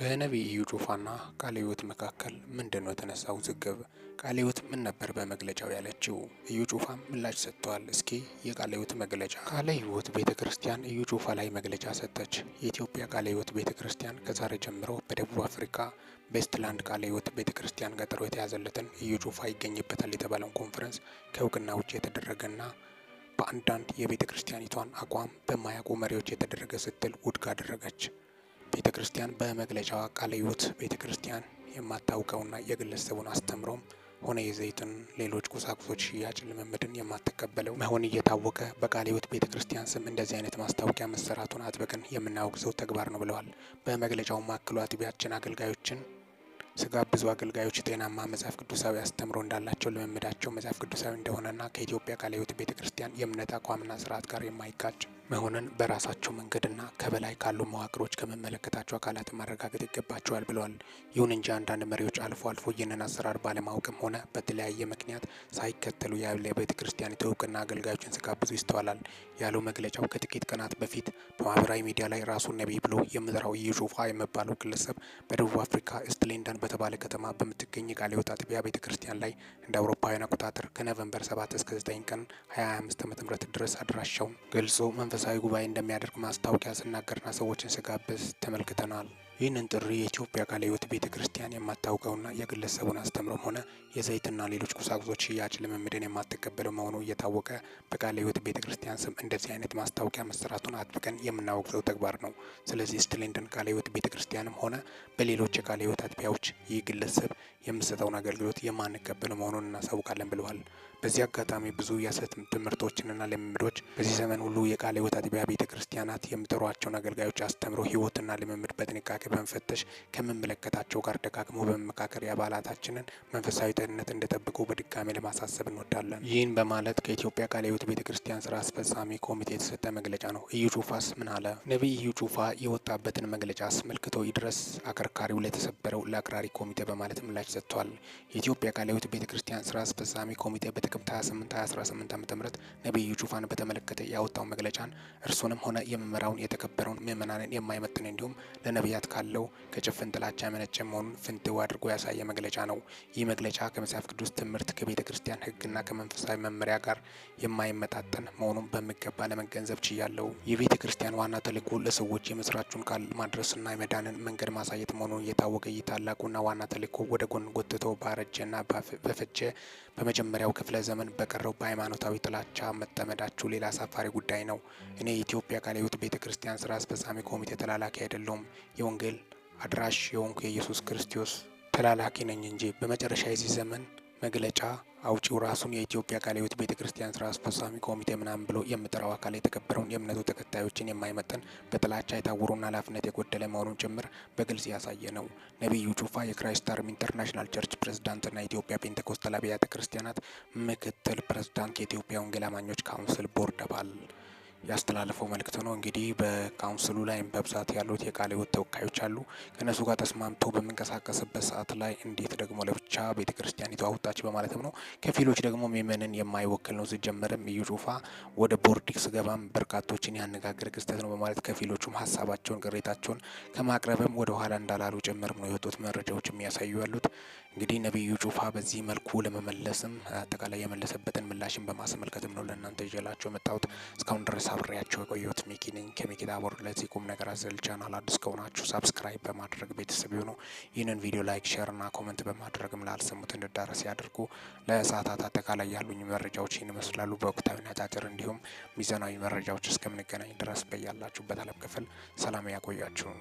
በነቢይ ኢዩ ጩፋና ቃለ ሕይወት መካከል ምንድን ነው የተነሳው ውዝግብ? ቃለ ሕይወት ምን ነበር በመግለጫው ያለችው? ኢዩ ጩፋም ምላሽ ሰጥተዋል። እስኪ የቃለ ሕይወት መግለጫ። ቃለ ሕይወት ቤተ ክርስቲያን ኢዩ ጩፋ ላይ መግለጫ ሰጠች። የኢትዮጵያ ቃለ ሕይወት ቤተ ክርስቲያን ከዛሬ ጀምሮ በደቡብ አፍሪካ ቤስትላንድ ቃለ ሕይወት ቤተ ክርስቲያን ቀጠሮ የተያዘለትን ኢዩ ጩፋ ይገኝበታል የተባለውን ኮንፈረንስ ከእውቅና ውጭ የተደረገና በአንዳንድ የቤተ ክርስቲያኒቷን አቋም በማያውቁ መሪዎች የተደረገ ስትል ውድቅ አደረገች። ቤተ ክርስቲያን በመግለጫዋ ቃለ ሕይወት ቤተ ክርስቲያን የማታውቀውና የግለሰቡን አስተምሮም ሆነ የዘይትን ሌሎች ቁሳቁሶች ሽያጭ ልምምድን የማትቀበለው መሆን እየታወቀ በቃለ ሕይወት ቤተ ክርስቲያን ስም እንደዚህ አይነት ማስታወቂያ መሰራቱን አጥብቀን የምናወግዘው ተግባር ነው ብለዋል። በመግለጫውም አክሎ አጥቢያችን አገልጋዮችን ስጋ ብዙ አገልጋዮች ጤናማ መጽሐፍ ቅዱሳዊ አስተምሮ እንዳላቸው ልምምዳቸው መጽሐፍ ቅዱሳዊ እንደሆነና ከኢትዮጵያ ቃለ ሕይወት ቤተ ክርስቲያን የእምነት አቋምና ስርዓት ጋር የማይጋጭ መሆኑን በራሳቸው መንገድና ከበላይ ካሉ መዋቅሮች ከመመለከታቸው አካላት ማረጋገጥ ይገባቸዋል ብለዋል። ይሁን እንጂ አንዳንድ መሪዎች አልፎ አልፎ ይህንን አሰራር ባለማወቅም ሆነ በተለያየ ምክንያት ሳይከተሉ ያለ ቤተ ክርስቲያን እውቅና አገልጋዮችን ሲጋብዙ ይስተዋላል ያለው መግለጫው ከጥቂት ቀናት በፊት በማህበራዊ ሚዲያ ላይ ራሱን ነቢይ ብሎ የሚጠራው የሾፋ የሚባለው ግለሰብ በደቡብ አፍሪካ ኢስት ለንደን በተባለ ከተማ በምትገኝ የቃለ ሕይወት አጥቢያ ቤተ ክርስቲያን ላይ እንደ አውሮፓውያን አቆጣጠር ከኖቨምበር 7 እስከ 9 ቀን 2025 ዓ.ም ድረስ አድራሻውን ገልጾ መንፈስ መንፈሳዊ ጉባኤ እንደሚያደርግ ማስታወቂያ ስናገርና ሰዎችን ስጋብዝ ተመልክተናል። ይህንን ጥሪ የኢትዮጵያ ቃለ ሕይወት ቤተ ክርስቲያን የማታውቀውና የግለሰቡን አስተምሮም ሆነ የዘይትና ሌሎች ቁሳቁሶች ሽያጭ ልምምድን የማትቀበለው መሆኑ እየታወቀ በቃለ ሕይወት ቤተ ክርስቲያን ስም እንደዚህ አይነት ማስታወቂያ መሰራቱን አጥብቀን የምናወግዘው ተግባር ነው። ስለዚህ ስትሊንደን ቃለ ሕይወት ቤተ ክርስቲያንም ሆነ በሌሎች የቃለ ሕይወት አጥቢያዎች ይህ ግለሰብ የምሰጠውን አገልግሎት የማንቀበለው መሆኑን እናሳውቃለን ብለዋል። በዚህ አጋጣሚ ብዙ የሐሰት ትምህርቶችንና ልምምዶች በዚህ ዘመን ሁሉ የቃለ ሕይወት አጥቢያ ቤተ ክርስቲያናት የምጠሯቸውን አገልጋዮች አስተምሮ ሕይወትና ልምምድ በጥንቃቄ በመፈተሽ ከምመለከታቸው ጋር ደጋግሞ በመመካከር የአባላታችንን መንፈሳዊ ጤንነት እንዲጠብቁ በድጋሚ ለማሳሰብ እንወዳለን። ይህን በማለት ከኢትዮጵያ ቃለ ሕይወት ቤተ ክርስቲያን ስራ አስፈጻሚ ኮሚቴ የተሰጠ መግለጫ ነው። እዩ ጩፋስ ምን አለ? ነቢይ እዩ ጩፋ የወጣበትን መግለጫ አስመልክቶ ይድረስ አከርካሪው ለተሰበረው ለአቅራሪ ኮሚቴ በማለት ምላሽ ሰጥቷል። የኢትዮጵያ ቃለ ሕይወት ቤተ ክርስቲያን ስራ አስፈጻሚ ኮሚቴ በጥቅምት 28 2018 ዓ ም ነቢይ እዩ ጩፋን በተመለከተ ያወጣው መግለጫን እርሱንም ሆነ የመመራውን የተከበረውን ምዕመናንን የማይመጥን እንዲሁም ለነቢያት ካለው ከጭፍን ጥላቻ የመነጨ መሆኑን ፍንትው አድርጎ ያሳየ መግለጫ ነው። ይህ መግለጫ ከመጽሐፍ ቅዱስ ትምህርት፣ ከቤተ ክርስቲያን ሕግና ከመንፈሳዊ መመሪያ ጋር የማይመጣጠን መሆኑን በሚገባ ለመገንዘብ ችያለው። የቤተ ክርስቲያን ዋና ተልዕኮ ለሰዎች የምስራቹን ቃል ማድረስና የመዳንን መንገድ ማሳየት መሆኑን እየታወቀ ይህ ታላቁና ዋና ተልዕኮ ወደ ጎን ጎትቶ ባረጀና በፈጀ በመጀመሪያው ክፍለ ዘመን በቀረው በሃይማኖታዊ ጥላቻ መጠመዳችሁ ሌላ አሳፋሪ ጉዳይ ነው። እኔ የኢትዮጵያ ቃለ ሕይወት ቤተ ክርስቲያን ስራ አስፈጻሚ ኮሚቴ ተላላኪ አይደለሁም። የወንገ ወንጌል አድራሽ የሆንኩ የኢየሱስ ክርስቶስ ተላላኪ ነኝ እንጂ በመጨረሻ የዚህ ዘመን መግለጫ አውጪው ራሱን የኢትዮጵያ ቃለ ሕይወት ቤተ ክርስቲያን ስራ አስፈጻሚ ኮሚቴ ምናምን ብሎ የምጠራው አካል የተከበረውን የእምነቱ ተከታዮችን የማይመጥን በጥላቻ የታወሩና ኃላፊነት የጎደለ መሆኑን ጭምር በግልጽ ያሳየ ነው። ነቢዩ ጩፋ የክራይስት ኢንተርናሽናል ቸርች ፕሬዝዳንትና የኢትዮጵያ ፔንቴኮስታል አብያተ ክርስቲያናት ምክትል ፕሬዝዳንት፣ የኢትዮጵያ ወንጌል አማኞች ካውንስል ቦርድ አባል ያስተላለፈው መልእክት ነው። እንግዲህ በካውንስሉ ላይ በብዛት ያሉት የቃለ ሕይወት ተወካዮች አሉ። ከእነሱ ጋር ተስማምቶ በምንቀሳቀስበት ሰዓት ላይ እንዴት ደግሞ ለብቻ ቤተ ክርስቲያኒቱ አወጣች በማለትም ነው። ከፊሎች ደግሞ ምእመንን የማይወክል ነው። ሲጀመርም ኢዩ ጩፋ ወደ ቦርዲክስ ገባም በርካቶችን ያነጋገረ ክስተት ነው በማለት ከፊሎቹም ሀሳባቸውን ቅሬታቸውን ከማቅረብም ወደ ኋላ እንዳላሉ ጭምርም ነው የወጡት መረጃዎች የሚያሳዩ ያሉት። እንግዲህ ነቢዩ ጩፋ በዚህ መልኩ ለመመለስም አጠቃላይ የመለሰበትን ምላሽን በማስመልከትም ነው ለእናንተ ይዤላቸው የመጣሁት። እስካሁን ድረስ አብሬያቸው የቆየሁት ሚኪ ነኝ ከሚኪታ ቦር። ለዚህ ቁም ነገር አዘል ቻናል አዲስ ከሆናችሁ ሳብስክራይብ በማድረግ ቤተሰብ የሆኑ ይህንን ቪዲዮ ላይክ፣ ሼር እና ኮመንት በማድረግም ላልሰሙት እንድዳረስ ያድርጉ። ለሰዓታት አጠቃላይ ያሉኝ መረጃዎች ይህን ይመስላሉ። በወቅታዊ አጫጭር እንዲሁም ሚዛናዊ መረጃዎች እስከምንገናኝ ድረስ በያላችሁበት አለም ክፍል ሰላም ያቆያችሁ።